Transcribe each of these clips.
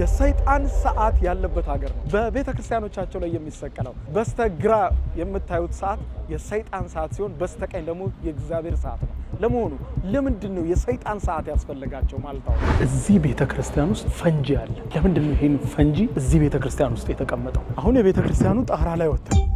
የሰይጣን ሰዓት ያለበት ሀገር ነው። በቤተ ክርስቲያኖቻቸው ላይ የሚሰቀለው በስተግራ የምታዩት ሰዓት የሰይጣን ሰዓት ሲሆን በስተቀኝ ደግሞ የእግዚአብሔር ሰዓት ነው። ለመሆኑ ለምንድን ነው የሰይጣን ሰዓት ያስፈልጋቸው? ማለት አሁን እዚህ ቤተ ክርስቲያን ውስጥ ፈንጂ አለ። ለምንድን ነው ይህን ፈንጂ እዚህ ቤተ ክርስቲያን ውስጥ የተቀመጠው? አሁን የቤተ ክርስቲያኑ ጣራ ላይ ወጥተን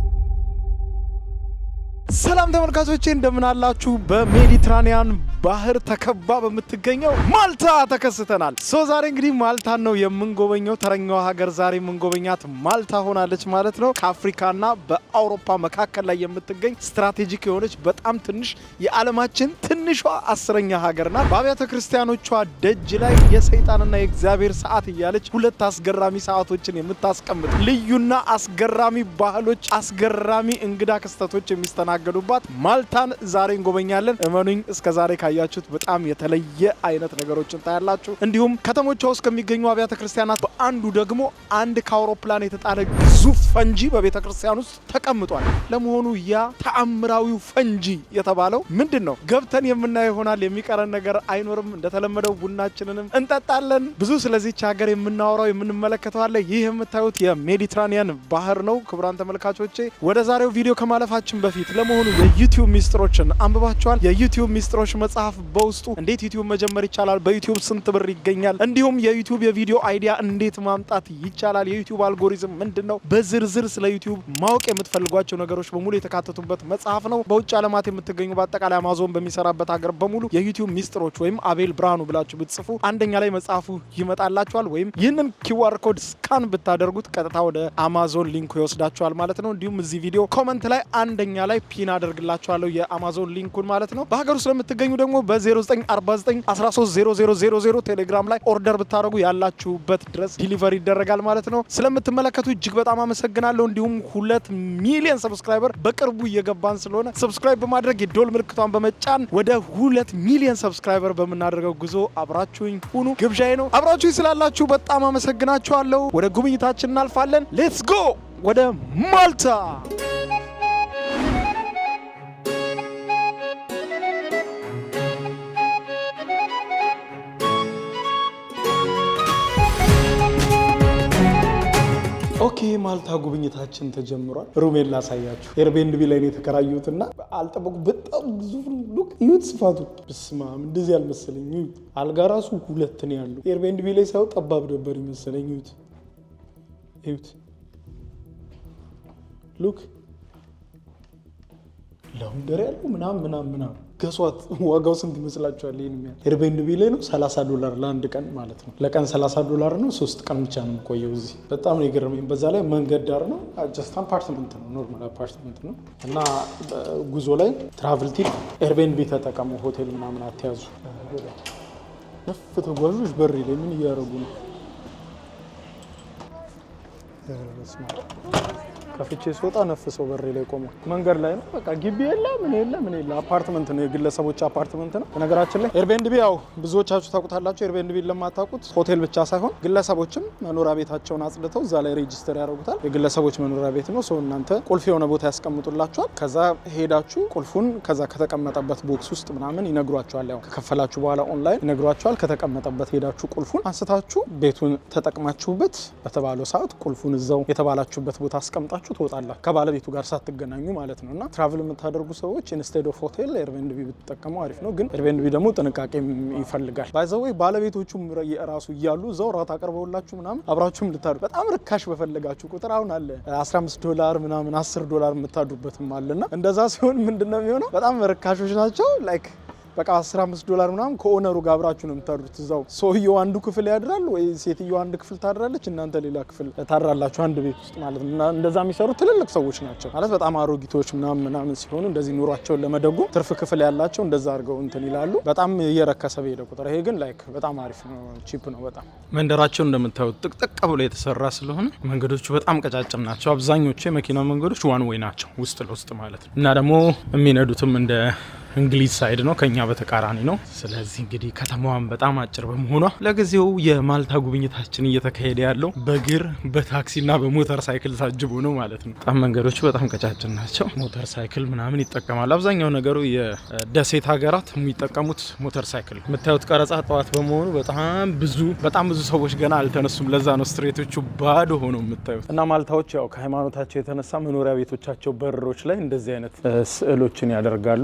ሰላም ተመልካቾቼ እንደምናላችሁ በሜዲትራኒያን ባህር ተከባ በምትገኘው ማልታ ተከስተናል። ሶ ዛሬ እንግዲህ ማልታን ነው የምንጎበኘው። ተረኛዋ ሀገር ዛሬ የምንጎበኛት ማልታ ሆናለች ማለት ነው። ከአፍሪካና በአውሮፓ መካከል ላይ የምትገኝ ስትራቴጂክ የሆነች በጣም ትንሽ የዓለማችን ትንሿ አስረኛ ሀገር ናት። በአብያተ ክርስቲያኖቿ ደጅ ላይ የሰይጣንና የእግዚአብሔር ሰዓት እያለች ሁለት አስገራሚ ሰዓቶችን የምታስቀምጥ ልዩና አስገራሚ ባህሎች፣ አስገራሚ እንግዳ ክስተቶች የሚስተናገዱባት ማልታን ዛሬ እንጎበኛለን። እመኑኝ እስከ ዛሬ ካያችሁት በጣም የተለየ አይነት ነገሮችን ታያላችሁ። እንዲሁም ከተሞቿ ውስጥ ከሚገኙ አብያተ ክርስቲያናት በአንዱ ደግሞ አንድ ከአውሮፕላን የተጣለ ግዙፍ ፈንጂ በቤተ ክርስቲያን ውስጥ ተቀምጧል። ለመሆኑ ያ ተአምራዊው ፈንጂ የተባለው ምንድን ነው? ገብተን የምናየው ይሆናል። የሚቀረን ነገር አይኖርም። እንደተለመደው ቡናችንንም እንጠጣለን። ብዙ ስለዚች ሀገር የምናወራው የምንመለከተው አለ። ይህ የምታዩት የሜዲትራኒያን ባህር ነው። ክቡራን ተመልካቾቼ ወደ ዛሬው ቪዲዮ ከማለፋችን በፊት ለመሆኑ የዩቲዩብ ሚስጥሮችን አንብባችኋል? የዩቲዩብ ሚስጥሮች መጽሐፍ በውስጡ እንዴት ዩቲዩብ መጀመር ይቻላል፣ በዩቲዩብ ስንት ብር ይገኛል፣ እንዲሁም የዩቲዩብ የቪዲዮ አይዲያ እንዴት ማምጣት ይቻላል፣ የዩቲዩብ አልጎሪዝም ምንድን ነው፣ በዝርዝር ስለ ዩቲዩብ ማወቅ የምትፈልጓቸው ነገሮች በሙሉ የተካተቱበት መጽሐፍ ነው። በውጭ ዓለማት የምትገኙ በአጠቃላይ አማዞን በሚሰራበት ሀገር በሙሉ የዩቲዩብ ሚስጥሮች ወይም አቤል ብርሃኑ ብላችሁ ብትጽፉ አንደኛ ላይ መጽሐፉ ይመጣላችኋል። ወይም ይህንን ኪዋር ኮድ ስካን ብታደርጉት ቀጥታ ወደ አማዞን ሊንኩ ይወስዳችኋል ማለት ነው። እንዲሁም እዚህ ቪዲዮ ኮመንት ላይ አንደኛ ላይ ፒን አደርግላችኋለሁ የአማዞን ሊንኩን ማለት ነው። በሀገር ውስጥ ለምትገኙ ደግሞ በ0949130000 ቴሌግራም ላይ ኦርደር ብታደረጉ ያላችሁበት ድረስ ዲሊቨሪ ይደረጋል ማለት ነው። ስለምትመለከቱ እጅግ በጣም አመሰግናለሁ። እንዲሁም ሁለት ሚሊዮን ሰብስክራይበር በቅርቡ እየገባን ስለሆነ ሰብስክራይብ በማድረግ የዶል ምልክቷን በመጫን ወደ ሁለት ሚሊዮን ሰብስክራይበር በምናደርገው ጉዞ አብራችሁኝ ሁኑ ግብዣዬ ነው። አብራችሁኝ ስላላችሁ በጣም አመሰግናችኋለሁ። ወደ ጉብኝታችን እናልፋለን። ሌትስ ጎ ወደ ማልታ ኦኬ ማልታ ጉብኝታችን ተጀምሯል። ሩሜን ላሳያችሁ። ኤርቤንድ ቢ ላይ ነው የተከራዩት እና አልጠበቁ በጣም ግዙፍ ሉክ ስፋቱ ብስማ እንደዚህ አልመሰለኝ። እዩት አልጋ ራሱ ሁለት ነው ያለው። ኤርቤንድ ቢ ላይ ሳይሆን ጠባብ ነበር ይመሰለኝ። ዩት ዩት ሉክ ለሁንደር ያለው ምናም ምናም ምናም ገሷት ዋጋው ስንት ይመስላችኋል? ይህን የሚያል ኤርቤንድ ቢ ነው 30 ዶላር ለአንድ ቀን ማለት ነው። ለቀን 30 ዶላር ነው። ሶስት ቀን ብቻ ነው የምቆየው እዚህ። በጣም ነው የገረመኝ። በዛ ላይ መንገድ ዳር ነው። ጀስት አፓርትመንት ነው፣ ኖርማል አፓርትመንት ነው። እና ጉዞ ላይ ትራቭል ቲፕ ኤርቤንድ ቢ ተጠቀሙ። ሆቴል ምናምን አትያዙ። ነፍ ተጓዦች በር ላይ ምን እያደረጉ ነው? ከፍቼ ስወጣ ነፍሰው በሬ ላይ ቆሙ። መንገድ ላይ ነው በቃ ግቢ የለ ምን የለ ምን የለ አፓርትመንት ነው፣ የግለሰቦች አፓርትመንት ነው። በነገራችን ላይ ኤርቤንድቢ ያው ብዙዎቻችሁ ታውቁታላችሁ። ኤርቤንድቢ ለማታውቁት ሆቴል ብቻ ሳይሆን ግለሰቦችም መኖሪያ ቤታቸውን አጽድተው እዛ ላይ ሬጅስተር ያደርጉታል። የግለሰቦች መኖሪያ ቤት ነው። ሰው እናንተ ቁልፍ የሆነ ቦታ ያስቀምጡላችኋል። ከዛ ሄዳችሁ ቁልፉን ከዛ ከተቀመጠበት ቦክስ ውስጥ ምናምን ይነግሯችኋል። ያው ከከፈላችሁ በኋላ ኦንላይን ይነግሯችኋል። ከተቀመጠበት ሄዳችሁ ቁልፉን አንስታችሁ ቤቱን ተጠቅማችሁበት በተባለው ሰዓት ቁልፉን እዛው የተባላችሁበት ቦታ አስቀምጣችሁ ሆናችሁ ትወጣላ ከባለቤቱ ጋር ሳትገናኙ ማለት ነው። እና ትራቭል የምታደርጉ ሰዎች ኢንስቴድ ኦፍ ሆቴል ኤርቤንድቢ ብትጠቀሙ አሪፍ ነው። ግን ኤርቤንድቢ ደግሞ ጥንቃቄ ይፈልጋል። ባይዘወይ ባለቤቶቹም ራሱ እያሉ እዛው ራት አቅርበውላችሁ ምናምን አብራችሁም ልታዱ በጣም ርካሽ በፈለጋችሁ ቁጥር አሁን አለ 15 ዶላር ምናምን 10 ዶላር የምታዱበትም አለና እንደዛ ሲሆን ምንድነው የሚሆነው? በጣም ርካሾች ናቸው ላይክ በቃ 15 ዶላር ምናምን ከኦነሩ ጋር አብራችሁ ነው የምታድሩት። እዛው ሰውየው አንዱ ክፍል ያድራል ወይ ሴትዮ አንድ ክፍል ታድራለች፣ እናንተ ሌላ ክፍል ታድራላችሁ፣ አንድ ቤት ውስጥ ማለት ነው። እንደዛ የሚሰሩ ትልልቅ ሰዎች ናቸው ማለት በጣም አሮጊቶች ምናምን ምናምን ሲሆኑ እንደዚህ ኑሯቸውን ለመደጎም ትርፍ ክፍል ያላቸው እንደዛ አድርገው እንትን ይላሉ። በጣም እየረከሰ በሄደ ቁጥር ይሄ ግን ላይክ በጣም አሪፍ ነው፣ ቺፕ ነው በጣም መንደራቸው እንደምታዩት ጥቅጥቅ ብሎ የተሰራ ስለሆነ መንገዶቹ በጣም ቀጫጭም ናቸው። አብዛኞቹ የመኪና መንገዶች ዋን ወይ ናቸው ውስጥ ለውስጥ ማለት ነው እና ደግሞ የሚነዱትም እንደ እንግሊዝ ሳይድ ነው፣ ከኛ በተቃራኒ ነው። ስለዚህ እንግዲህ ከተማዋን በጣም አጭር በመሆኗ ለጊዜው የማልታ ጉብኝታችን እየተካሄደ ያለው በእግር በታክሲና በሞተር ሳይክል ታጅቦ ነው ማለት ነው። በጣም መንገዶቹ በጣም ቀጫጭን ናቸው። ሞተር ሳይክል ምናምን ይጠቀማል። አብዛኛው ነገሩ የደሴት ሀገራት የሚጠቀሙት ሞተር ሳይክል። የምታዩት ቀረጻ ጠዋት በመሆኑ በጣም ብዙ በጣም ብዙ ሰዎች ገና አልተነሱም። ለዛ ነው ስትሬቶቹ ባዶ ሆኖ የምታዩት። እና ማልታዎች ያው ከሃይማኖታቸው የተነሳ መኖሪያ ቤቶቻቸው በሮች ላይ እንደዚህ አይነት ስዕሎችን ያደርጋሉ።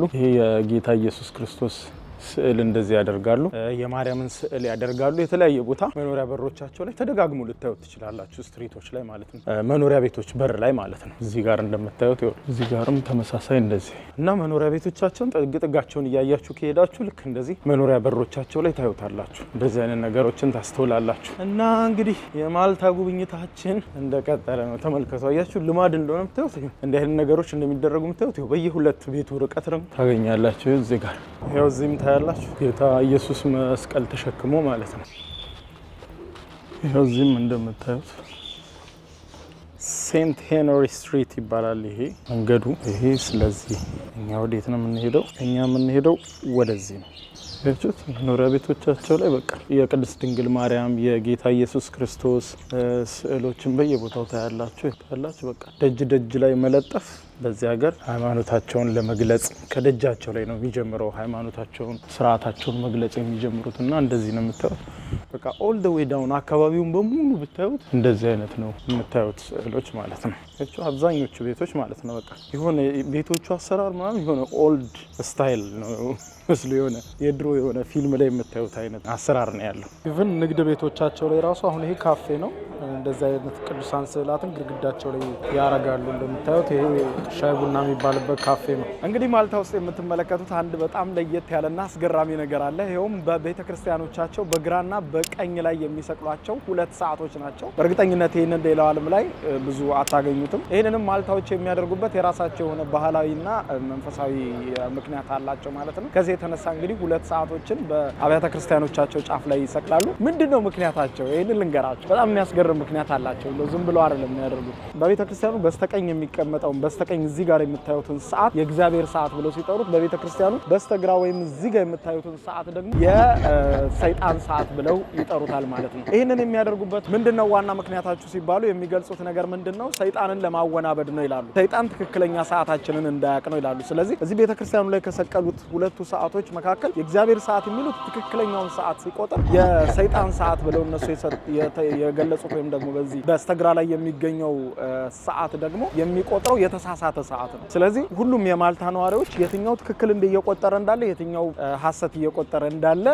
የጌታ ኢየሱስ ክርስቶስ ስዕል እንደዚህ ያደርጋሉ። የማርያምን ስዕል ያደርጋሉ። የተለያየ ቦታ መኖሪያ በሮቻቸው ላይ ተደጋግሞ ልታዩት ትችላላችሁ። ስትሪቶች ላይ ማለት ነው፣ መኖሪያ ቤቶች በር ላይ ማለት ነው። እዚህ ጋር እንደምታዩት እዚህ ጋርም ተመሳሳይ እንደዚህ እና መኖሪያ ቤቶቻቸውን ጥግ ጥጋቸውን እያያችሁ ከሄዳችሁ ልክ እንደዚህ መኖሪያ በሮቻቸው ላይ ታዩታላችሁ። እንደዚህ አይነት ነገሮችን ታስተውላላችሁ። እና እንግዲህ የማልታ ጉብኝታችን እንደቀጠለ ነው። ተመልከቱ፣ አያችሁ ልማድ እንደሆነ ምታዩት እንዲህ አይነት ነገሮች እንደሚደረጉ ምታዩት በየሁለት ቤቱ ርቀት ነው ታገኛላችሁ። እዚህ ጋር ያው እዚህም ታያላችሁ ጌታ ኢየሱስ መስቀል ተሸክሞ ማለት ነው። ያው እዚህም እንደምታዩት ሴንት ሄንሪ ስትሪት ይባላል ይሄ መንገዱ ይሄ። ስለዚህ እኛ ወዴት ነው የምንሄደው? እኛ የምንሄደው ወደዚህ ነው። ያችሁት መኖሪያ ቤቶቻቸው ላይ በቃ የቅድስት ድንግል ማርያም የጌታ ኢየሱስ ክርስቶስ ስዕሎችን በየቦታው ታያላችሁ ታያላችሁ። በቃ ደጅ ደጅ ላይ መለጠፍ በዚህ ሀገር ሃይማኖታቸውን ለመግለጽ ከደጃቸው ላይ ነው የሚጀምረው። ሃይማኖታቸውን፣ ስርዓታቸውን መግለጽ የሚጀምሩት እና እንደዚህ ነው የምታዩት። በቃ ኦል ደ ዌይ ዳውን አካባቢውን በሙሉ ብታዩት እንደዚህ አይነት ነው የምታዩት ስዕሎች ማለት ነው። አብዛኞቹ ቤቶች ማለት ነው በቃ የሆነ ቤቶቹ አሰራር ምናምን የሆነ ኦልድ ስታይል ነው ምስሉ የሆነ የድሮ የሆነ ፊልም ላይ የምታዩት አይነት አሰራር ነው ያለው። ኢቨን ንግድ ቤቶቻቸው ላይ ራሱ አሁን ይሄ ካፌ ነው። እንደዚህ አይነት ቅዱሳን ስዕላትን ግድግዳቸው ላይ ያረጋሉ እንደምታዩት ይሄ ሻይ ቡና የሚባልበት ካፌ ነው። እንግዲህ ማልታ ውስጥ የምትመለከቱት አንድ በጣም ለየት ያለና አስገራሚ ነገር አለ። ይኸውም በቤተ ክርስቲያኖቻቸው በግራና በቀኝ ላይ የሚሰቅሏቸው ሁለት ሰዓቶች ናቸው። በእርግጠኝነት ይህንን ሌላው ዓለም ላይ ብዙ አታገኙትም። ይህንንም ማልታዎች የሚያደርጉበት የራሳቸው የሆነ ባህላዊና መንፈሳዊ ምክንያት አላቸው ማለት ነው። ከዚህ የተነሳ እንግዲህ ሁለት ሰዓቶችን በአብያተ ክርስቲያኖቻቸው ጫፍ ላይ ይሰቅላሉ። ምንድን ነው ምክንያታቸው? ይህንን ልንገራቸው። በጣም የሚያስገርም ምክንያት አላቸው። ዝም ብለው አይደለም የሚያደርጉት። በቤተ ክርስቲያኑ በስተቀኝ የሚቀመጠውን በስተቀኝ ወይም እዚህ ጋር የምታዩትን ሰዓት የእግዚአብሔር ሰዓት ብለው ሲጠሩት በቤተ ክርስቲያኑ በስተግራ ወይም እዚህ ጋር የምታዩትን ሰዓት ደግሞ የሰይጣን ሰዓት ብለው ይጠሩታል ማለት ነው። ይህንን የሚያደርጉበት ምንድነው ዋና ምክንያታችሁ ሲባሉ የሚገልጹት ነገር ምንድን ነው? ሰይጣንን ለማወናበድ ነው ይላሉ። ሰይጣን ትክክለኛ ሰዓታችንን እንዳያቅ ነው ይላሉ። ስለዚህ እዚህ ቤተ ክርስቲያኑ ላይ ከሰቀሉት ሁለቱ ሰዓቶች መካከል የእግዚአብሔር ሰዓት የሚሉት ትክክለኛውን ሰዓት ሲቆጥር የሰይጣን ሰዓት ብለው እነሱ የገለጹት ወይም ደግሞ በዚህ በስተግራ ላይ የሚገኘው ሰዓት ደግሞ የሚቆጥረው የተሳሳ በተሳሳተ ሰዓት ነው። ስለዚህ ሁሉም የማልታ ነዋሪዎች የትኛው ትክክል እየቆጠረ እንዳለ፣ የትኛው ሀሰት እየቆጠረ እንዳለ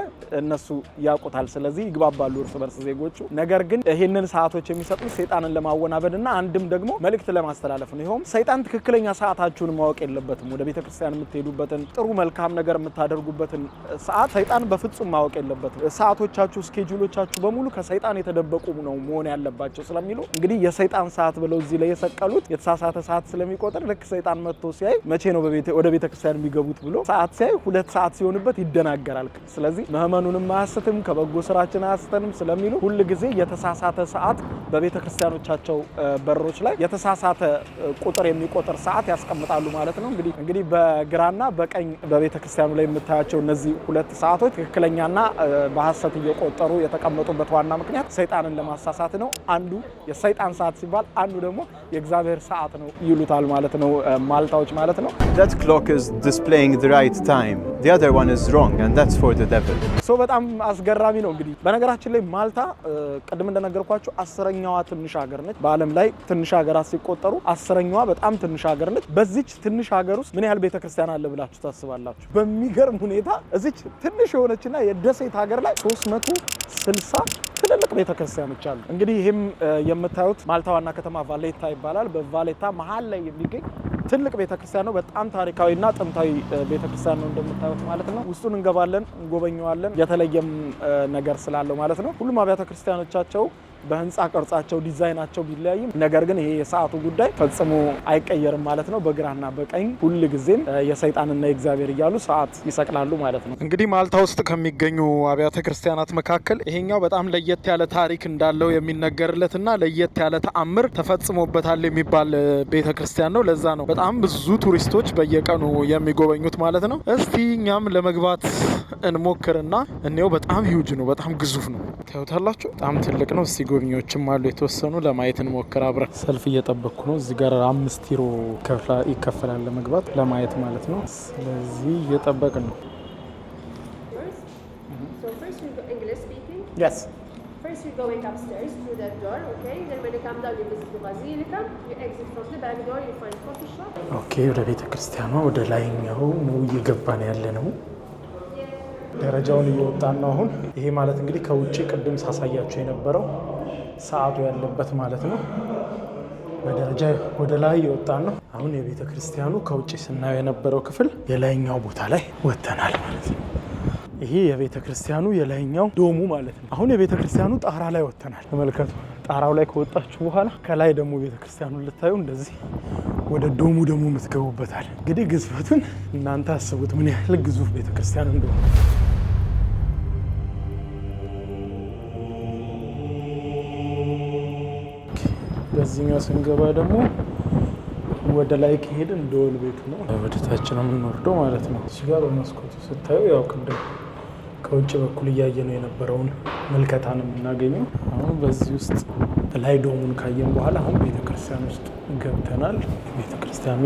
እነሱ ያውቁታል። ስለዚህ ይግባባሉ እርስ በርስ ዜጎቹ። ነገር ግን ይህንን ሰዓቶች የሚሰጡት ሰይጣንን ለማወናበድ ና አንድም ደግሞ መልእክት ለማስተላለፍ ነው። ይኸውም ሰይጣን ትክክለኛ ሰዓታችሁን ማወቅ የለበትም። ወደ ቤተ ክርስቲያን የምትሄዱበትን ጥሩ መልካም ነገር የምታደርጉበትን ሰዓት ሰይጣን በፍጹም ማወቅ የለበትም። ሰዓቶቻችሁ፣ ስኬጁሎቻችሁ በሙሉ ከሰይጣን የተደበቁ ነው መሆን ያለባቸው ስለሚሉ እንግዲህ የሰይጣን ሰዓት ብለው እዚህ ላይ የሰቀሉት የተሳሳተ ሰዓት ስለሚቆጥር ልክ ሰይጣን መጥቶ ሲያይ መቼ ነው ወደ ቤተ ክርስቲያን የሚገቡት ብሎ ሰዓት ሲያይ ሁለት ሰዓት ሲሆንበት ይደናገራል። ስለዚህ ምህመኑንም አያስትም ከበጎ ስራችን አያስተንም ስለሚሉ ሁል ጊዜ የተሳሳተ ሰዓት በቤተ ክርስቲያኖቻቸው በሮች ላይ የተሳሳተ ቁጥር የሚቆጥር ሰዓት ያስቀምጣሉ ማለት ነው። እንግዲህ እንግዲህ በግራና በቀኝ በቤተ ክርስቲያኑ ላይ የምታያቸው እነዚህ ሁለት ሰዓቶች ትክክለኛና በሀሰት እየቆጠሩ የተቀመጡበት ዋና ምክንያት ሰይጣንን ለማሳሳት ነው። አንዱ የሰይጣን ሰዓት ሲባል፣ አንዱ ደግሞ የእግዚአብሔር ሰዓት ነው ይሉታል ማለት ነው። ማለት ነው ማልታዎች ማለት ነው። that clock is displaying the right time the other one is wrong and that's for the devil ሶ በጣም አስገራሚ ነው። እንግዲህ በነገራችን ላይ ማልታ ቅድም እንደነገርኳችሁ አስረኛዋ ትንሽ ሀገር ነች። በዓለም ላይ ትንሽ ሀገራት ሲቆጠሩ አስረኛዋ በጣም ትንሽ ሀገር ነች። በዚች ትንሽ ሀገር ውስጥ ምን ያህል ቤተክርስቲያን አለ ብላችሁ ታስባላችሁ? በሚገርም ሁኔታ እዚች ትንሽ የሆነችና የደሴት ሀገር ላይ 360 ትልልቅ ቤተክርስቲያኖች አሉ። እንግዲህ ይህም የምታዩት ማልታ ዋና ከተማ ቫሌታ ይባላል። በቫሌታ መሀል ላይ የሚገኝ ትልቅ ቤተክርስቲያን ነው። በጣም ታሪካዊና ጥንታዊ ቤተክርስቲያን ነው እንደምታዩት ማለት ነው። ውስጡን እንገባለን፣ እንጎበኘዋለን። የተለየም ነገር ስላለው ማለት ነው። ሁሉም አብያተ ክርስቲያኖቻቸው በህንፃ ቅርጻቸው ዲዛይናቸው ቢለያይም ነገር ግን ይሄ የሰዓቱ ጉዳይ ፈጽሞ አይቀየርም ማለት ነው። በግራና በቀኝ ሁል ጊዜም የሰይጣንና የእግዚአብሔር እያሉ ሰዓት ይሰቅላሉ ማለት ነው። እንግዲህ ማልታ ውስጥ ከሚገኙ አብያተ ክርስቲያናት መካከል ይሄኛው በጣም ለየት ያለ ታሪክ እንዳለው የሚነገርለትና ለየት ያለ ተአምር ተፈጽሞበታል የሚባል ቤተ ክርስቲያን ነው። ለዛ ነው በጣም ብዙ ቱሪስቶች በየቀኑ የሚጎበኙት ማለት ነው። እስቲ እኛም ለመግባት እንሞክርና እኔው በጣም ሂውጅ ነው፣ በጣም ግዙፍ ነው። ታዩታላችሁ፣ በጣም ትልቅ ነው። እስቲ ጎብኚዎችም አሉ የተወሰኑ ለማየት እንሞክር አብረ ሰልፍ እየጠበቅኩ ነው። እዚህ ጋር አምስት ዩሮ ይከፈላል ለመግባት ለማየት ማለት ነው። ስለዚህ እየጠበቅ ነው። ኦኬ ወደ ቤተ ክርስቲያኗ ወደ ላይኛው ነው እየገባን ያለ ነው። ደረጃውን እየወጣን ነው አሁን። ይሄ ማለት እንግዲህ ከውጭ ቅድም ሳሳያቸው የነበረው ሰዓቱ ያለበት ማለት ነው። በደረጃ ወደ ላይ የወጣን ነው። አሁን የቤተ ክርስቲያኑ ከውጭ ስናየው የነበረው ክፍል የላይኛው ቦታ ላይ ወጥተናል ማለት ነው። ይሄ የቤተ ክርስቲያኑ የላይኛው ዶሙ ማለት ነው። አሁን የቤተ ክርስቲያኑ ጣራ ላይ ወጥተናል። ተመልከቱ። ጣራው ላይ ከወጣችሁ በኋላ ከላይ ደግሞ ቤተ ክርስቲያኑ ልታዩ እንደዚህ ወደ ዶሙ ደግሞ የምትገቡበታል። እንግዲህ ግዝፈቱን እናንተ አስቡት ምን ያህል ግዙፍ ቤተ ክርስቲያን እንደሆነ እዚህኛው ስንገባ ደግሞ ወደ ላይ ከሄድን ደወል ቤት ነው። ወደ ታች ነው የምንወርደው ማለት ነው። እዚህ ጋር በመስኮቱ ስታዩ ያው ቅድም ከውጭ በኩል እያየ ነው የነበረውን ምልከታ ነው የምናገኘው። አሁን በዚህ ውስጥ ላይ ዶሙን ካየን በኋላ አሁን ቤተክርስቲያን ውስጥ ገብተናል። ቤተክርስቲያኑ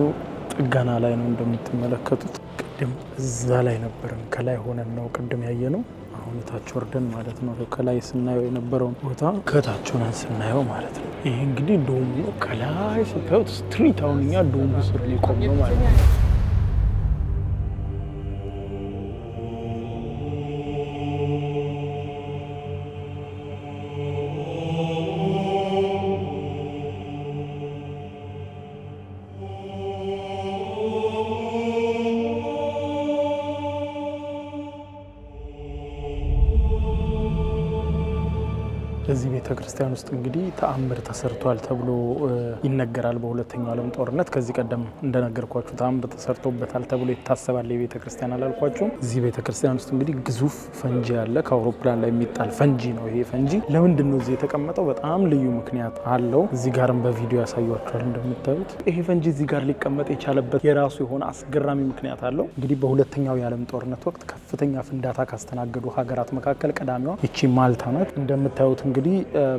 ጥገና ላይ ነው እንደምትመለከቱት። ቅድም እዛ ላይ ነበርን፣ ከላይ ሆነን ነው ቅድም ያየ ነው። ከሁኔታቸው ወርደን ማለት ነው። ከላይ ስናየው የነበረውን ቦታ ከታች ስናየው ማለት ነው። ይሄ እንግዲህ ዶሙ ነው። ከላይ ስታዩት ስትሪት፣ አሁን እኛ ዶሙ ስር ሊቆም ነው ማለት ነው። ክርስቲያን ውስጥ እንግዲህ ተአምር ተሰርቷል ተብሎ ይነገራል። በሁለተኛው ዓለም ጦርነት ከዚህ ቀደም እንደነገርኳችሁ ተአምር ተሰርቶበታል ተብሎ ይታሰባል። ክርስቲያን አላልኳችሁም? እዚህ ቤተክርስቲያን ውስጥ እንግዲህ ግዙፍ ፈንጂ አለ። ከአውሮፕላን ላይ የሚጣል ፈንጂ ነው። ይሄ ፈንጂ ለምንድን ነው እዚህ የተቀመጠው? በጣም ልዩ ምክንያት አለው። እዚህ ጋርም በቪዲዮ ያሳያችኋል። እንደምታዩት ይሄ ፈንጂ እዚህ ጋር ሊቀመጥ የቻለበት የራሱ የሆነ አስገራሚ ምክንያት አለው። እንግዲህ በሁለተኛው የዓለም ጦርነት ወቅት ከፍተኛ ፍንዳታ ካስተናገዱ ሀገራት መካከል ቀዳሚዋ ይቺ ማልታ ናት። እንደምታዩት እንግዲህ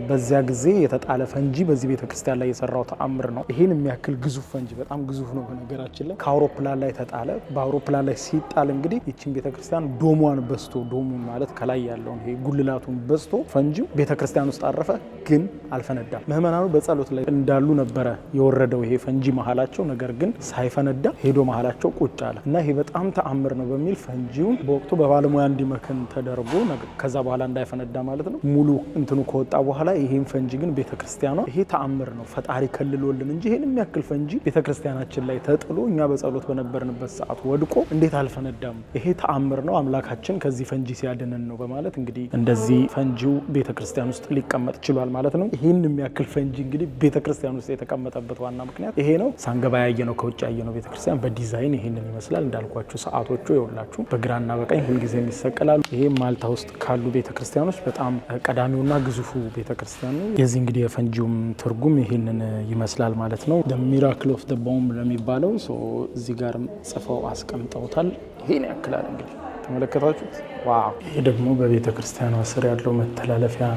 በዚያ ጊዜ የተጣለ ፈንጂ በዚህ ቤተክርስቲያን ላይ የሰራው ተአምር ነው። ይህን የሚያክል ግዙፍ ፈንጂ በጣም ግዙፍ ነው። በነገራችን ላይ ከአውሮፕላን ላይ ተጣለ። በአውሮፕላን ላይ ሲጣል እንግዲህ ይችን ቤተክርስቲያን ዶሟን በስቶ ዶሙን ማለት ከላይ ያለውን ይሄ ጉልላቱን በስቶ ፈንጂው ቤተክርስቲያን ውስጥ አረፈ፣ ግን አልፈነዳም። ምህመናኑ በጸሎት ላይ እንዳሉ ነበረ የወረደው ይሄ ፈንጂ መሀላቸው፣ ነገር ግን ሳይፈነዳ ሄዶ መሀላቸው ቁጭ አለ እና ይሄ በጣም ተአምር ነው በሚል ፈንጂውን በወቅቱ በባለሙያ እንዲመክን ተደርጎ ከዛ በኋላ እንዳይፈነዳ ማለት ነው ሙሉ እንትኑ ከወጣ በኋላ ይሄን ፈንጂ ግን ቤተክርስቲያኗ ይሄ ተአምር ነው ፈጣሪ ከልሎልን እንጂ ይሄን የሚያክል ፈንጂ ቤተክርስቲያናችን ላይ ተጥሎ እኛ በጸሎት በነበርንበት ሰዓት ወድቆ እንዴት አልፈነዳም? ይሄ ተአምር ነው አምላካችን ከዚህ ፈንጂ ሲያድንን ነው በማለት እንግዲህ እንደዚህ ፈንጂው ቤተክርስቲያን ውስጥ ሊቀመጥ ችሏል ማለት ነው። ይህን የሚያክል ፈንጂ እንግዲህ ቤተክርስቲያን ውስጥ የተቀመጠበት ዋና ምክንያት ይሄ ነው። ሳንገባ ያየ ነው ከውጭ ያየ ነው። ቤተክርስቲያን በዲዛይን ይሄንን ይመስላል። እንዳልኳችሁ ሰዓቶቹ የሁላችሁ በግራና በቀኝ ሁልጊዜ ይሰቀላሉ። ይሄ ማልታ ውስጥ ካሉ ቤተክርስቲያኖች በጣም ቀዳሚውና ግዙፉ ቤተክርስቲያን ነው። የዚህ እንግዲህ የፈንጂውም ትርጉም ይህንን ይመስላል ማለት ነው። ሚራክል ኦፍ ቦምብ ለሚባለው እዚህ ጋርም ጽፈው አስቀምጠውታል። ይህን ያክላል እንግዲህ ተመለከታችሁት? ዋው! ይህ ደግሞ በቤተ ክርስቲያኗ ስር ያለው መተላለፊያ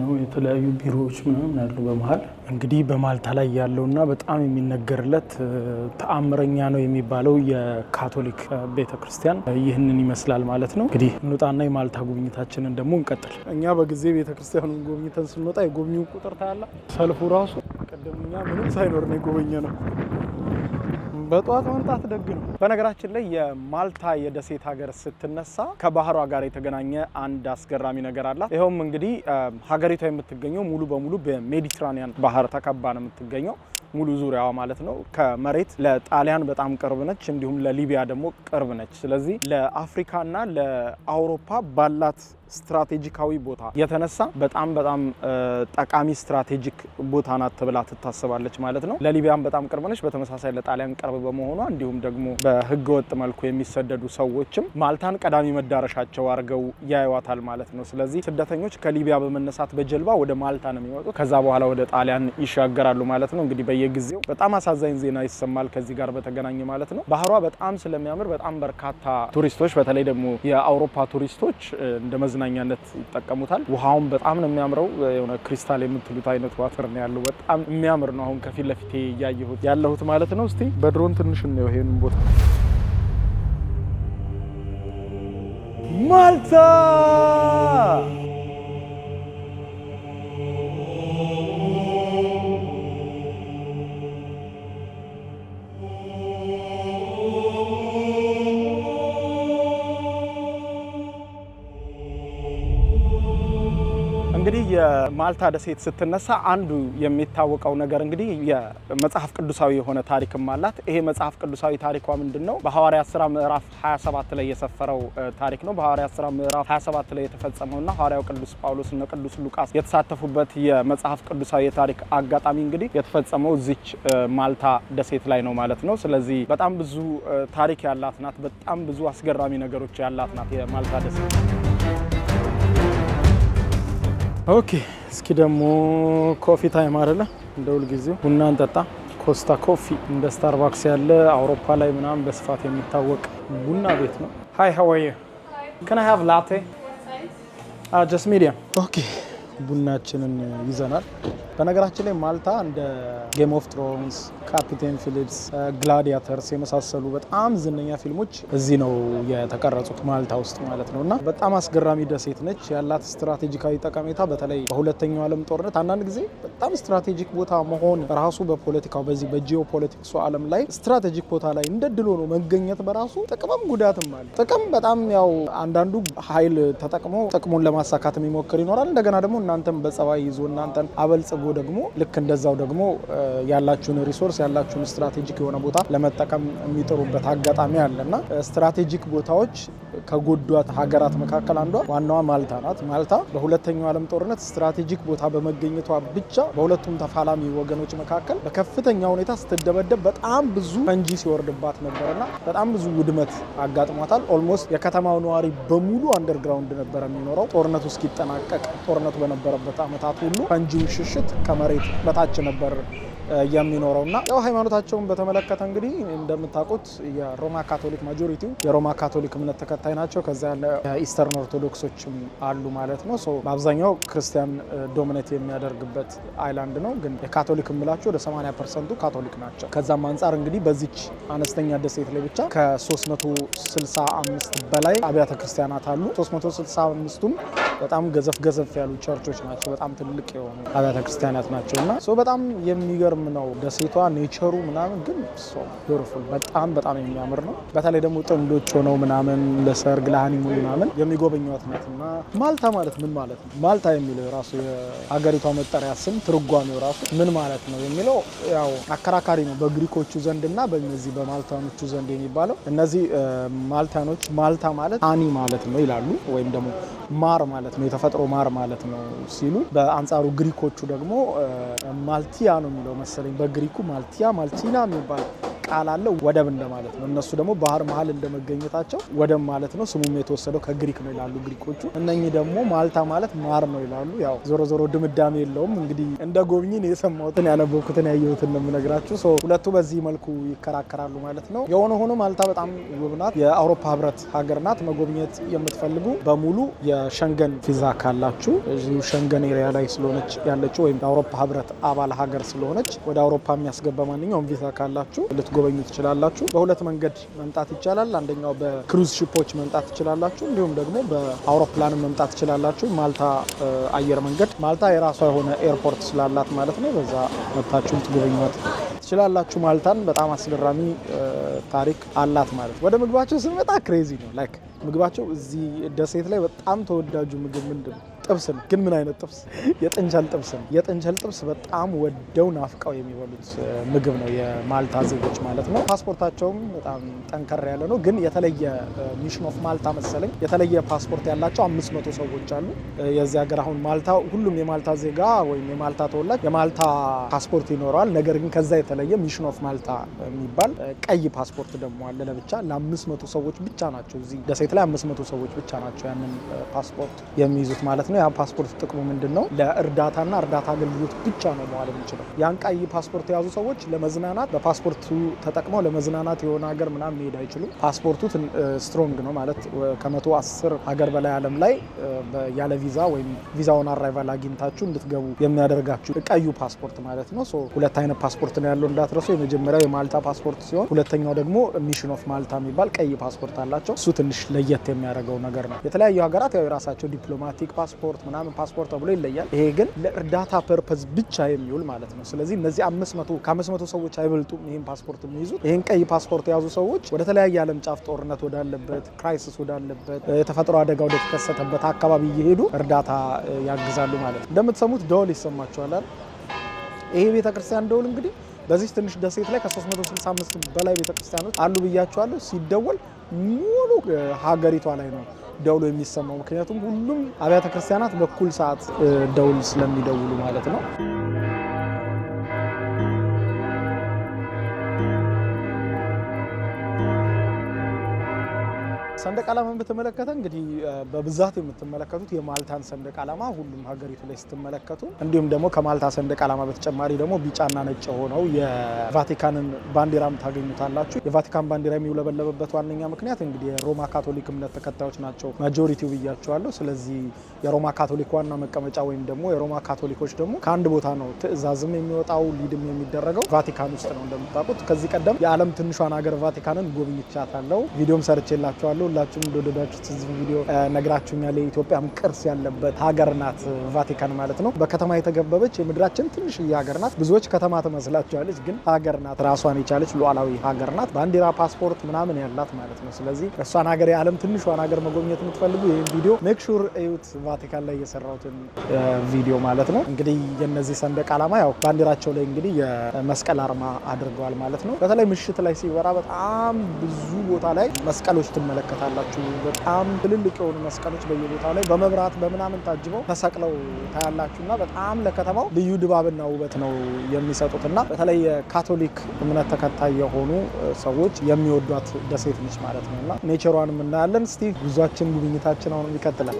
ነው። የተለያዩ ቢሮዎች ምናምን ያሉ በመሀል እንግዲህ በማልታ ላይ ያለውና በጣም የሚነገርለት ተአምረኛ ነው የሚባለው የካቶሊክ ቤተ ክርስቲያን ይህንን ይመስላል ማለት ነው። እንግዲህ እንውጣና የማልታ ጉብኝታችንን ደግሞ እንቀጥል። እኛ በጊዜ ቤተ ክርስቲያኑን ጎብኝተን ስንወጣ የጎብኚው ቁጥር ታያላ ሰልፉ ራሱ ቅድም እኛ ምንም ሳይኖር ነው የጎበኘ ነው። በጠዋት መምጣት ደግ ነው። በነገራችን ላይ የማልታ የደሴት ሀገር ስትነሳ ከባህሯ ጋር የተገናኘ አንድ አስገራሚ ነገር አላት። ይኸውም እንግዲህ ሀገሪቷ የምትገኘው ሙሉ በሙሉ በሜዲትራኒያን ባህር ተከባ ነው የምትገኘው ሙሉ ዙሪያዋ ማለት ነው። ከመሬት ለጣሊያን በጣም ቅርብ ነች፣ እንዲሁም ለሊቢያ ደግሞ ቅርብ ነች። ስለዚህ ለአፍሪካና ለአውሮፓ ባላት ስትራቴጂካዊ ቦታ የተነሳ በጣም በጣም ጠቃሚ ስትራቴጂክ ቦታ ናት ተብላ ትታሰባለች ማለት ነው። ለሊቢያም በጣም ቅርብ ነች። በተመሳሳይ ለጣሊያን ቅርብ በመሆኗ እንዲሁም ደግሞ በህገወጥ መልኩ የሚሰደዱ ሰዎችም ማልታን ቀዳሚ መዳረሻቸው አድርገው ያዩዋታል ማለት ነው። ስለዚህ ስደተኞች ከሊቢያ በመነሳት በጀልባ ወደ ማልታ ነው የሚወጡ፣ ከዛ በኋላ ወደ ጣሊያን ይሻገራሉ ማለት ነው። እንግዲህ በየጊዜው በጣም አሳዛኝ ዜና ይሰማል ከዚህ ጋር በተገናኘ ማለት ነው። ባህሯ በጣም ስለሚያምር በጣም በርካታ ቱሪስቶች በተለይ ደግሞ የአውሮፓ ቱሪስቶች እንደ መዝና ለመዝናኛነት ይጠቀሙታል። ውሃውን በጣም ነው የሚያምረው። የሆነ ክሪስታል የምትሉት አይነት ዋተር ነው ያለው። በጣም የሚያምር ነው። አሁን ከፊት ለፊት እያየሁት ያለሁት ማለት ነው። እስቲ በድሮን ትንሽ ነው ይሄን ቦታ ማልታ ከማልታ ደሴት ስትነሳ አንዱ የሚታወቀው ነገር እንግዲህ የመጽሐፍ ቅዱሳዊ የሆነ ታሪክም አላት። ይሄ መጽሐፍ ቅዱሳዊ ታሪኳ ምንድን ነው? በሐዋርያት ስራ ምዕራፍ 27 ላይ የሰፈረው ታሪክ ነው። በሐዋርያት ስራ ምዕራፍ 27 ላይ የተፈጸመውና ሐዋርያው ቅዱስ ጳውሎስ እና ቅዱስ ሉቃስ የተሳተፉበት የመጽሐፍ ቅዱሳዊ የታሪክ አጋጣሚ እንግዲህ የተፈጸመው እዚች ማልታ ደሴት ላይ ነው ማለት ነው። ስለዚህ በጣም ብዙ ታሪክ ያላት ናት። በጣም ብዙ አስገራሚ ነገሮች ያላት ናት የማልታ ደሴት። ኦኬ። እስኪ ደግሞ ኮፊ ታይም አይደለ? እንደ ሁልጊዜው ቡና እንጠጣ። ኮስታ ኮፊ እንደ ስታርባክስ ያለ አውሮፓ ላይ ምናምን በስፋት የሚታወቅ ቡና ቤት ነው። ሀይ ሃው አር ላቴ ጀስት ሚዲያም ኦኬ ቡናችንን ይዘናል። በነገራችን ላይ ማልታ እንደ ጌም ኦፍ ትሮንስ፣ ካፒቴን ፊሊፕስ፣ ግላዲያተርስ የመሳሰሉ በጣም ዝነኛ ፊልሞች እዚህ ነው የተቀረጹት ማልታ ውስጥ ማለት ነው። እና በጣም አስገራሚ ደሴት ነች። ያላት ስትራቴጂካዊ ጠቀሜታ በተለይ በሁለተኛው ዓለም ጦርነት አንዳንድ ጊዜ በጣም ስትራቴጂክ ቦታ መሆን ራሱ በፖለቲካው በዚህ በጂኦ ፖለቲክሱ ዓለም ላይ ስትራቴጂክ ቦታ ላይ እንደ ድሎ ነው መገኘት በራሱ ጥቅምም ጉዳትም አለ። ጥቅም በጣም ያው አንዳንዱ ኃይል ተጠቅሞ ጥቅሙን ለማሳካት የሚሞክር ይኖራል። እንደገና ደግሞ እናንተን በጸባይ ይዞ እናንተን አበልጽጎ ደግሞ ልክ እንደዛው ደግሞ ያላችሁን ሪሶርስ ያላችሁን ስትራቴጂክ የሆነ ቦታ ለመጠቀም የሚጥሩበት አጋጣሚ አለ ስትራቴጂክ ቦታዎች ከጎዷት ሀገራት መካከል አንዷ ዋናዋ ማልታ ናት። ማልታ በሁለተኛው ዓለም ጦርነት ስትራቴጂክ ቦታ በመገኘቷ ብቻ በሁለቱም ተፋላሚ ወገኖች መካከል በከፍተኛ ሁኔታ ስትደበደብ በጣም ብዙ ፈንጂ ሲወርድባት ነበርና በጣም ብዙ ውድመት አጋጥሟታል። ኦልሞስት የከተማው ነዋሪ በሙሉ አንደርግራውንድ ነበረ የሚኖረው ጦርነቱ እስኪጠናቀቅ ጦርነቱ በነበረበት ዓመታት ሁሉ ፈንጂው ሽሽት ከመሬት በታች ነበር የሚኖረው እና ያው ሃይማኖታቸውን በተመለከተ እንግዲህ እንደምታውቁት የሮማ ካቶሊክ ማጆሪቲው የሮማ ካቶሊክ እምነት ተከታይ ናቸው። ከዛ ያለ ኢስተርን ኦርቶዶክሶችም አሉ ማለት ነው። በአብዛኛው ክርስቲያን ዶሚኔት የሚያደርግበት አይላንድ ነው። ግን የካቶሊክ እምላቸው ወደ 80 ፐርሰንቱ ካቶሊክ ናቸው። ከዛም አንጻር እንግዲህ በዚች አነስተኛ ደሴት ላይ ብቻ ከ365 በላይ አብያተ ክርስቲያናት አሉ። 365ቱም በጣም ገዘፍ ገዘፍ ያሉ ቸርቾች ናቸው። በጣም ትልቅ የሆኑ አብያተ ክርስቲያናት ናቸው እና በጣም የሚገ የሚገርም ነው። ደሴቷ ኔቸሩ ምናምን ግን ቢውቲፉል በጣም በጣም የሚያምር ነው። በተለይ ደግሞ ጥንዶች ሆነው ምናምን ለሰርግ ለሃኒሙ ምናምን የሚጎበኟት ናት። እና ማልታ ማለት ምን ማለት ነው? ማልታ የሚለው የራሱ የሀገሪቷ መጠሪያ ስም ትርጓሜው ራሱ ምን ማለት ነው የሚለው ያው አከራካሪ ነው በግሪኮቹ ዘንድ እና በነዚህ በማልታኖቹ ዘንድ የሚባለው እነዚህ ማልታኖች ማልታ ማለት አኒ ማለት ነው ይላሉ ወይም ደግሞ ማር ማለት ነው የተፈጥሮ ማር ማለት ነው ሲሉ፣ በአንጻሩ ግሪኮቹ ደግሞ ማልቲያ ነው የሚለው መሰለኝ በግሪኩ ማልቲያ ማልቲና የሚባል ቃል አለው ወደብ እንደማለት ነው። እነሱ ደግሞ ባህር መሀል እንደመገኘታቸው ወደብ ማለት ነው። ስሙም የተወሰደው ከግሪክ ነው ይላሉ ግሪኮቹ። እነኚህ ደግሞ ማልታ ማለት ማር ነው ይላሉ። ያው ዞሮ ዞሮ ድምዳሜ የለውም እንግዲህ እንደ ጎብኚ የሰማሁትን ያነበብኩትን ያየሁትን ነው የምነግራችሁ። ሁለቱ በዚህ መልኩ ይከራከራሉ ማለት ነው። የሆነ ሆኖ ማልታ በጣም ውብ ናት። የአውሮፓ ህብረት ሀገር ናት። መጎብኘት የምትፈልጉ በሙሉ የሸንገን ቪዛ ካላችሁ እዚሁ ሸንገን ኤሪያ ላይ ስለሆነች ያለችው ወይም የአውሮፓ ህብረት አባል ሀገር ስለሆነች ወደ አውሮፓ የሚያስገባ ማንኛውም ቪዛ ካላችሁ ልትጎበኙ ትችላላችሁ። በሁለት መንገድ መምጣት ይቻላል። አንደኛው በክሩዝ ሽፖች መምጣት ትችላላችሁ፣ እንዲሁም ደግሞ በአውሮፕላን መምጣት ትችላላችሁ። ማልታ አየር መንገድ ማልታ የራሷ የሆነ ኤርፖርት ስላላት ማለት ነው። በዛ መታችሁ ልትጎበኟት ትችላላችሁ። ማልታን በጣም አስገራሚ ታሪክ አላት ማለት ወደ ምግባቸው ስንመጣ ክሬዚ ነው። ላይክ ምግባቸው እዚህ ደሴት ላይ በጣም ተወዳጁ ምግብ ምንድን ነው? ጥብስ ነው። ግን ምን አይነት ጥብስ? የጥንቸል ጥብስ ነው። የጥንቸል ጥብስ በጣም ወደው ናፍቀው የሚበሉት ምግብ ነው፣ የማልታ ዜጎች ማለት ነው። ፓስፖርታቸውም በጣም ጠንከር ያለ ነው። ግን የተለየ ሚሽን ኦፍ ማልታ መሰለኝ የተለየ ፓስፖርት ያላቸው አምስት መቶ ሰዎች አሉ የዚህ ሀገር። አሁን ማልታ ሁሉም የማልታ ዜጋ ወይም የማልታ ተወላጅ የማልታ ፓስፖርት ይኖረዋል። ነገር ግን ከዛ የተለየ ሚሽን ኦፍ ማልታ የሚባል ቀይ ፓስፖርት ደግሞ አለ ለብቻ ለአምስት መቶ ሰዎች ብቻ ናቸው። እዚህ ደሴት ላይ አምስት መቶ ሰዎች ብቻ ናቸው ያንን ፓስፖርት የሚይዙት ማለት ነው። ነው። ያ ፓስፖርት ጥቅሙ ምንድን ነው? ለእርዳታና እርዳታ አገልግሎት ብቻ ነው መዋል የሚችለው። ያን ቀይ ፓስፖርት የያዙ ሰዎች ለመዝናናት በፓስፖርቱ ተጠቅመው ለመዝናናት የሆነ ሀገር ምናምን መሄድ አይችሉም። ፓስፖርቱ ስትሮንግ ነው ማለት ከመቶ አስር ሀገር በላይ አለም ላይ ያለ ቪዛ ወይም ቪዛውን አራይቫል አግኝታችሁ እንድትገቡ የሚያደርጋችሁ ቀዩ ፓስፖርት ማለት ነው። ሁለት አይነት ፓስፖርት ነው ያለው እንዳትረሱ። የመጀመሪያው የማልታ ፓስፖርት ሲሆን ሁለተኛው ደግሞ ሚሽን ኦፍ ማልታ የሚባል ቀይ ፓስፖርት አላቸው። እሱ ትንሽ ለየት የሚያደርገው ነገር ነው። የተለያዩ ሀገራት ያው የራሳቸው ዲፕሎማቲክ ፓስፖርት ፓስፖርት ምናምን ፓስፖርት ተብሎ ይለያል። ይሄ ግን ለእርዳታ ፐርፐዝ ብቻ የሚውል ማለት ነው። ስለዚህ እነዚህ አምስት መቶ ከአምስት መቶ ሰዎች አይበልጡም ይህን ፓስፖርት የሚይዙት። ይህን ቀይ ፓስፖርት የያዙ ሰዎች ወደ ተለያየ ዓለም ጫፍ ጦርነት ወዳለበት፣ ክራይሲስ ወዳለበት፣ የተፈጥሮ አደጋ ወደተከሰተበት አካባቢ እየሄዱ እርዳታ ያግዛሉ ማለት ነው። እንደምትሰሙት ደወል ይሰማችኋላል። ይሄ ቤተክርስቲያን ደወል እንግዲህ በዚህ ትንሽ ደሴት ላይ ከ365 በላይ ቤተክርስቲያኖች አሉ ብያቸዋለሁ። ሲደወል ሙሉ ሀገሪቷ ላይ ነው ደውሎ የሚሰማው ምክንያቱም ሁሉም አብያተ ክርስቲያናት በኩል ሰዓት ደውል ስለሚደውሉ ማለት ነው። ሰንደቅ ዓላማን በተመለከተ እንግዲህ በብዛት የምትመለከቱት የማልታን ሰንደቅ ዓላማ ሁሉም ሀገሪቱ ላይ ስትመለከቱ፣ እንዲሁም ደግሞ ከማልታ ሰንደቅ ዓላማ በተጨማሪ ደግሞ ቢጫና ነጭ የሆነው የቫቲካንን ባንዲራም ታገኙታላችሁ። የቫቲካን ባንዲራ የሚውለበለበበት ዋነኛ ምክንያት እንግዲህ የሮማ ካቶሊክ እምነት ተከታዮች ናቸው ማጆሪቲው ብያቸዋለሁ። ስለዚህ የሮማ ካቶሊክ ዋና መቀመጫ ወይም ደግሞ የሮማ ካቶሊኮች ደግሞ ከአንድ ቦታ ነው ትዕዛዝም የሚወጣው ሊድም የሚደረገው ቫቲካን ውስጥ ነው። እንደምታውቁት ከዚህ ቀደም የዓለም ትንሿን ሀገር ቫቲካንን ጎብኝቻታለሁ፣ ቪዲዮም ሰርቼላችኋለሁ አመሰግናለሁ። ሁላችሁም እንደወደዳችሁት እዚህ ቪዲዮ ነግራችሁኛል። የኢትዮጵያም ቅርስ ያለበት ሀገር ናት ቫቲካን ማለት ነው። በከተማ የተገበበች የምድራችን ትንሽዬ ሀገር ናት። ብዙዎች ከተማ ትመስላችኋለች፣ ግን ሀገር ናት። ራሷን የቻለች ሉዓላዊ ሀገር ናት። ባንዲራ፣ ፓስፖርት ምናምን ያላት ማለት ነው። ስለዚህ እሷን ሀገር የዓለም ትንሿን ሀገር መጎብኘት የምትፈልጉ ይህን ቪዲዮ ሜክሹር እዩት። ቫቲካን ላይ የሰራሁትን ቪዲዮ ማለት ነው። እንግዲህ የነዚህ ሰንደቅ ዓላማ ያው ባንዲራቸው ላይ እንግዲህ የመስቀል አርማ አድርገዋል ማለት ነው። በተለይ ምሽት ላይ ሲበራ በጣም ብዙ ቦታ ላይ መስቀሎች ትመለከ ትመለከታላችሁ። በጣም ትልልቅ የሆኑ መስቀሎች በየቦታው ላይ በመብራት በምናምን ታጅበው ተሰቅለው ታያላችሁ እና በጣም ለከተማው ልዩ ድባብና ውበት ነው የሚሰጡት እና በተለይ የካቶሊክ እምነት ተከታይ የሆኑ ሰዎች የሚወዷት ደሴት ነች ማለት ነው እና ኔቸሯንም እናያለን። እስቲ ጉዟችን ጉብኝታችን አሁንም ይቀጥላል።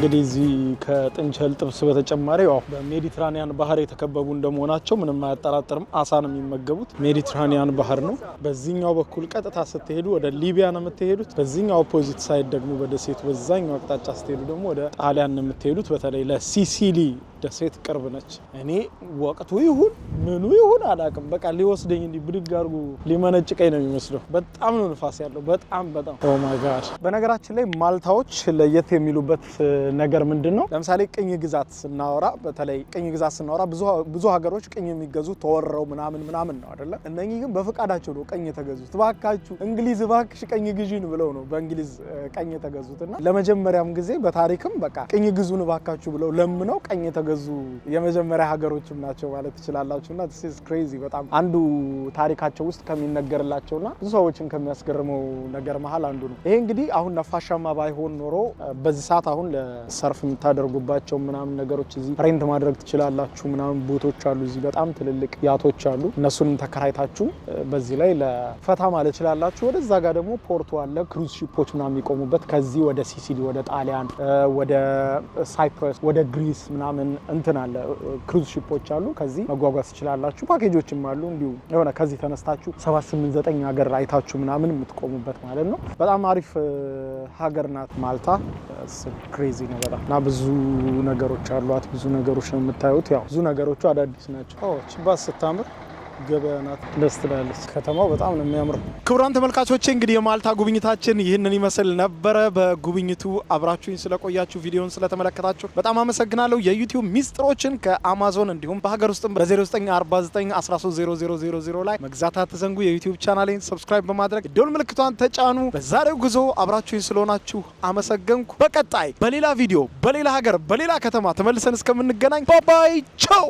እንግዲህ እዚህ ከጥንቸል ጥብስ በተጨማሪ ያው በሜዲትራኒያን ባህር የተከበቡ እንደመሆናቸው ምንም አያጠራጥርም፣ አሳ ነው የሚመገቡት። ሜዲትራኒያን ባህር ነው። በዚህኛው በኩል ቀጥታ ስትሄዱ ወደ ሊቢያ ነው የምትሄዱት። በዚህኛው ኦፖዚት ሳይድ ደግሞ በደሴቱ በዛኛው አቅጣጫ ስትሄዱ ደግሞ ወደ ጣሊያን ነው የምትሄዱት። በተለይ ለሲሲሊ ደሴት ቅርብ ነች። እኔ ወቅቱ ይሁን ምኑ ይሁን አላውቅም፣ በቃ ሊወስደኝ እንዲህ ብድግ አድርጎ ሊመነጭቀኝ ነው የሚመስለው። በጣም ነው ንፋስ ያለው፣ በጣም በጣም ኦማጋድ። በነገራችን ላይ ማልታዎች ለየት የሚሉበት ነገር ምንድን ነው? ለምሳሌ ቅኝ ግዛት ስናወራ በተለይ ቅኝ ግዛት ስናወራ ብዙ ሀገሮች ቅኝ የሚገዙ ተወረው ምናምን ምናምን ነው አይደለ? እነኚህ ግን በፈቃዳቸው ነው ቅኝ የተገዙት። እባካችሁ እንግሊዝ እባክሽ ቅኝ ግዥን ብለው ነው በእንግሊዝ ቅኝ የተገዙት እና ለመጀመሪያም ጊዜ በታሪክም በቃ ቅኝ ግዙን እባካችሁ ብለው ለምነው ቅኝ የተገዙ የመጀመሪያ ሀገሮችም ናቸው ማለት ትችላላችሁ። እና ስ ክሬዚ በጣም አንዱ ታሪካቸው ውስጥ ከሚነገርላቸውና ብዙ ሰዎችን ከሚያስገርመው ነገር መሀል አንዱ ነው። ይሄ እንግዲህ አሁን ነፋሻማ ባይሆን ኖሮ በዚህ ሰዓት አሁን ሰርፍ የምታደርጉባቸው ምናምን ነገሮች እዚህ ሬንት ማድረግ ትችላላችሁ። ምናምን ቦቶች አሉ እዚህ በጣም ትልልቅ ያቶች አሉ። እነሱንም ተከራይታችሁ በዚህ ላይ ለፈታ ማለት ትችላላችሁ። ወደዛ ጋር ደግሞ ፖርቱ አለ፣ ክሩዝ ሺፖች ምናምን የሚቆሙበት ከዚህ ወደ ሲሲሊ፣ ወደ ጣሊያን፣ ወደ ሳይፕረስ፣ ወደ ግሪስ ምናምን እንትን አለ ክሩዝ ሺፖች አሉ። ከዚህ መጓጓዝ ትችላላችሁ። ፓኬጆችም አሉ እንዲሁ የሆነ ከዚህ ተነስታችሁ ዘጠኝ ሀገር አይታችሁ ምናምን የምትቆሙበት ማለት ነው። በጣም አሪፍ ሀገር ናት ማልታ። ክሬዚ ነው በጣም እና ብዙ ነገሮች አሏት። ብዙ ነገሮች ነው የምታዩት። ያው ብዙ ነገሮቹ አዳዲስ ናቸው። ችባት ስታምር ገበያ ናት። ደስ ትላለች። ከተማው በጣም ነው የሚያምረው። ክቡራን ተመልካቾቼ እንግዲህ የማልታ ጉብኝታችን ይህንን ይመስል ነበረ። በጉብኝቱ አብራችሁኝ ስለቆያችሁ ቪዲዮን ስለተመለከታችሁ በጣም አመሰግናለሁ። የዩቲዩብ ሚስጥሮችን ከአማዞን እንዲሁም በሀገር ውስጥም በ0949130000 ላይ መግዛት አትዘንጉ። የዩቲዩብ ቻናሌን ሰብስክራይብ በማድረግ ደወል ምልክቷን ተጫኑ። በዛሬው ጉዞ አብራችሁኝ ስለሆናችሁ አመሰገንኩ። በቀጣይ በሌላ ቪዲዮ በሌላ ሀገር በሌላ ከተማ ተመልሰን እስከምንገናኝ ባባይ ቸው